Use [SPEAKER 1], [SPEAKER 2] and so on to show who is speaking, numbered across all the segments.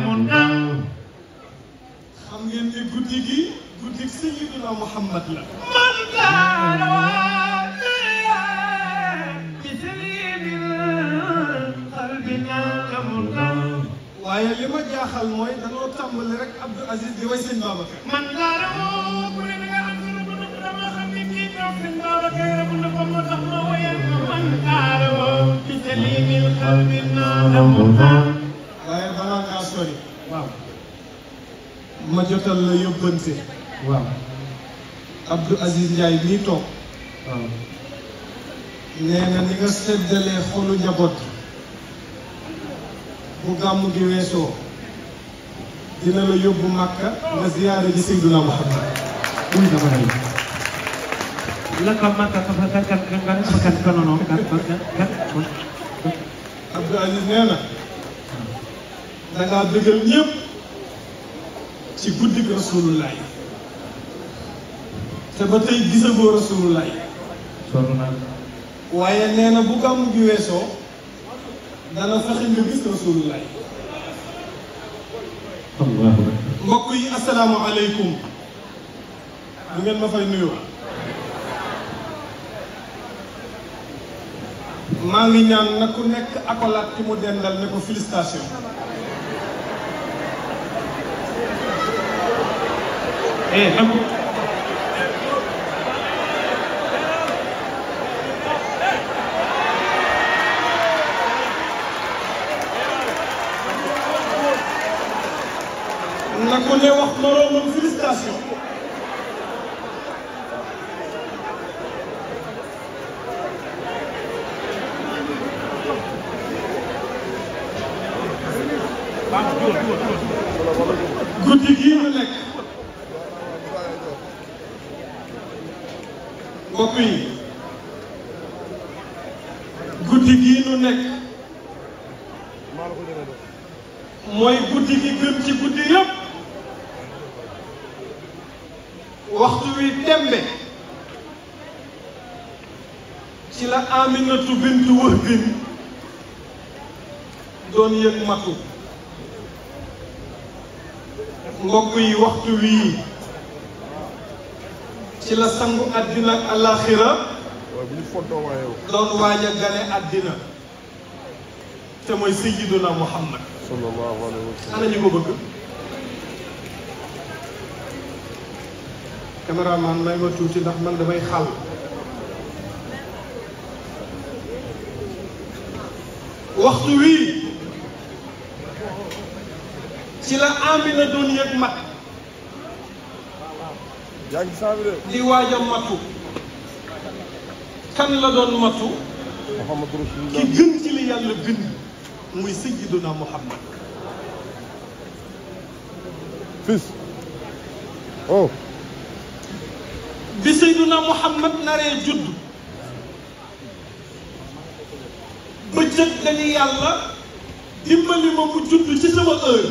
[SPEAKER 1] jàmm naan. xam ngeen ni guddi gi guddi Seydina Muhammad la. man daara waa waaye li ma jaaxal mooy danoo tàmbali rek Abdou Aziz di way sëñ Babacar. man daara woo ku ne da nga am sunu dund dama xam ne kii ñoom sëñ Babacar bu ne ko moo tax ma wayal ma man daara woo. ma jotal la yóbbante waaw Abdou Aziz Ndiaye mii toog waaw nee na ni nga seddalee xolu njaboot bu gàmm gi weesoo dina la yóbbu Màkka nga ziyaare ji Seydina Muhammad muy dama lay laka Màkka kafa nee na dangaa bëggal ñëpp ci guddig rasulullah te ba tey gisagoo rasulullah waaye nee na bu gàmmu gi weesoo dana fexe nga gis rasulullah mbokk yi asalaamaaleykum bu ngeen ma fay nuyoo maa ngi ñaan na ku nekk akolaat ki mu dendal ne ko félicitation eh nangu. nangu ne wax moroomam félicitation. mbokk yi guddi gii nu nekk mooy guddi gi gën ci guddi yëpp waxtu wi tembe ci la Aminatu bintu Wahbin doon yëg matu mbokk yi waxtu wii ci la sangu àddina ak àllaaxira waaye bu a gane àddina te mooy sayyiduna Muhammad sallallahu alayhi ko bëgg caméraman may ma tuuti ndax man damay xàll waxtu wii ci la Amina doon yëg mat yaa ngi saa li waaj a matu. kan la doon matu. Muhammad Rasulullah ki gën ci li yàlla bind. muy sayyiduna Muhammad. fis. oh. bi sayyiduna Muhammad naree judd. bëccëg dañu yàlla dimbali ma mu judd ci sama heure.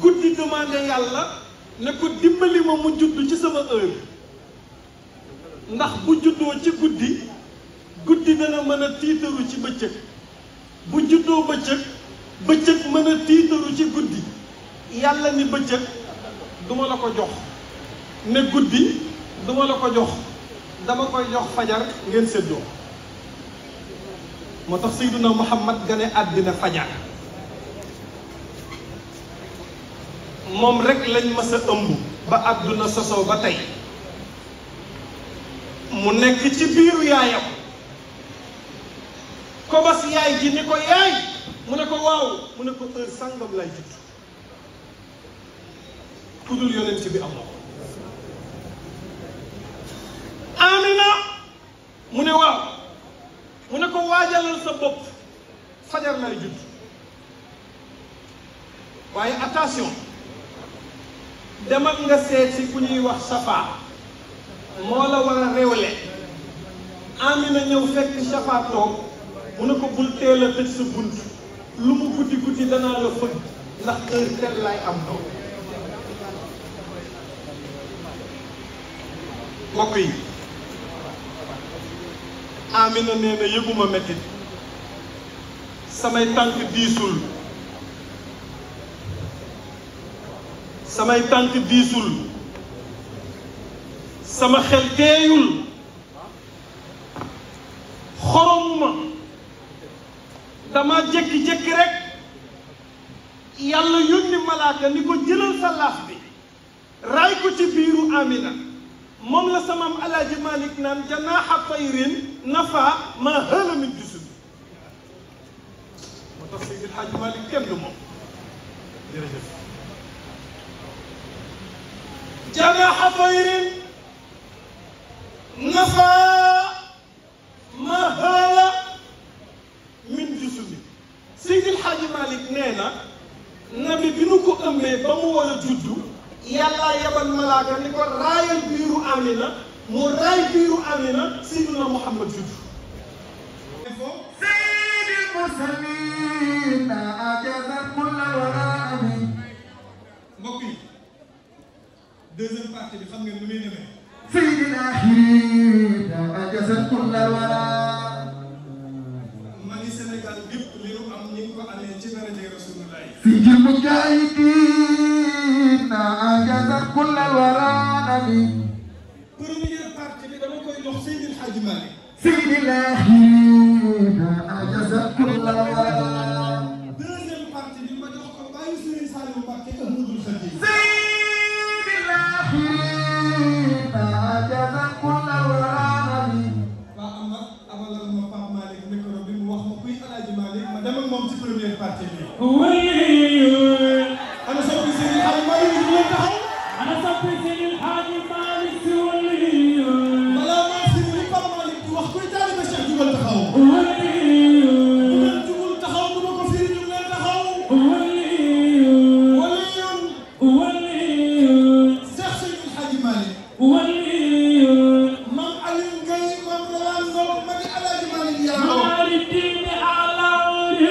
[SPEAKER 1] guddi demandé yàlla. ne ko dimbali ma mu judd ci sama heure ndax bu juddoo ci guddi guddi dana mën a tiitaru ci bëccëg bu juddoo bëccëg bëccëg mën a tiitaru ci guddi yàlla ni bëccëg duma la ko jox ne guddi duma la ko jox dama koy jox fajar ngeen séddoo moo tax na Seydina Muhammad gane àddina fajar moom rek lañ mës a ëmb ba àdduna sosoo ba tey mu nekk ci biiru yaayam kobas yaay ji ni ko yaay mu ne ko waaw mu ne ko heure sàngam lay judd ku dul bi am na mu ne waaw mu ne ko waajalal sa bopp fajar lay judd waaye attention demal nga seet si ku ñuy wax Safa moo la war a réewle Amina ñëw fekk Safa toog mu ne ko bul teel a sa bunt lu mu guddi guddi danaa la fëgg ndax heure lay am doom mbokk yi Amina nee na yëguma mettit samay tànk diisul samay tànk diisul sama xel teeyul xoromuma dama jékki-jékki rek yàlla yónni malaaka ni ko jëlal sa laaf bi raay ko ci biiru amina moom la sama am alaaji Malik naan janaaxa tayrin nafa maa hëla min jusud جناح طير نفى ما هال من جسمي سيدي الحاج مالك نينا نبي بنكو أمي بمو ولا جدو يلا يبن ملاك نكو راي بيرو أمينا مو راي بيرو أمينا سيدنا محمد جدو carte bi xam ngeen nu muy demee. Seydina Axiri daa jasad kull wara. mani Sénégal gépp li nu Wait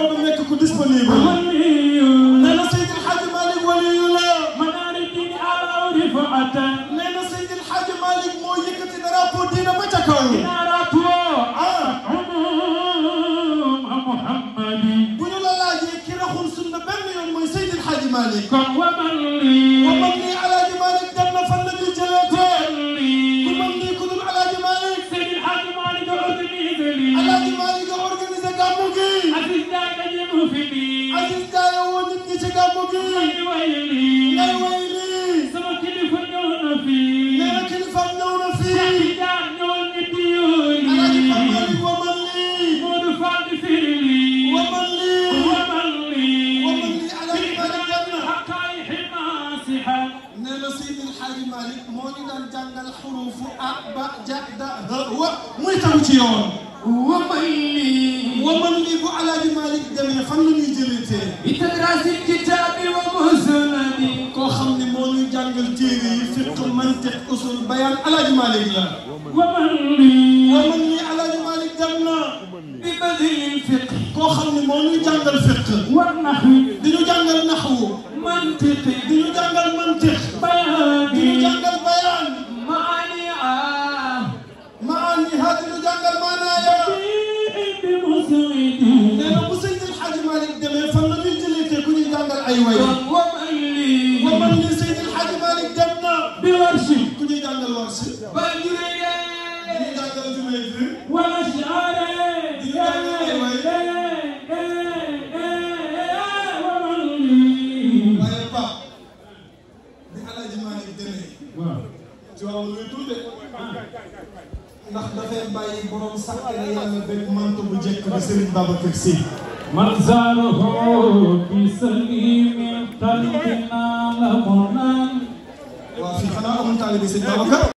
[SPEAKER 1] loolu nekk ku disponible. nee na Seydi El Hadji Malick waliyu la. nee na Seydi El Hadji Malick moo yëkkati drapeau diina ba ca kaw. Ah. bu ñu la laajee ki raxul sunna benn yoon mooy Seydi El Hadji Malick. ba ja da wa muy taw ci yoon. wa man lii. wa man lii bu Alaaji Malick demee fan la ñuy jëlantee. bi tadrasil kitaabi wa musanadi. koo xam ne moo ñuy jàngal téere yi fiqh mantiq usul bayaan Alaaji Malick la. wa man lii. wa man lii Alaaji Malick dem na. bi badil fiqh. koo xam ne moo ñuy jàngal fiqh. war naxu. di ñu jàngal naxwu. mantiq. di ñu jàngal mantiq. bayaan. di warshi. ku ñuy jàngal warshi. ba juree. ku ñuy jàngal juree ji. wala shaare. di jàngal waay. waaw luy tuuti ndax dafay bàyyi borom sax la yàlla bépp mantu bu jëkk bi Serigne Babacar Sy man zaaruhu bi salimi tantina la monaa en tant que taalibe Sëñ Babacar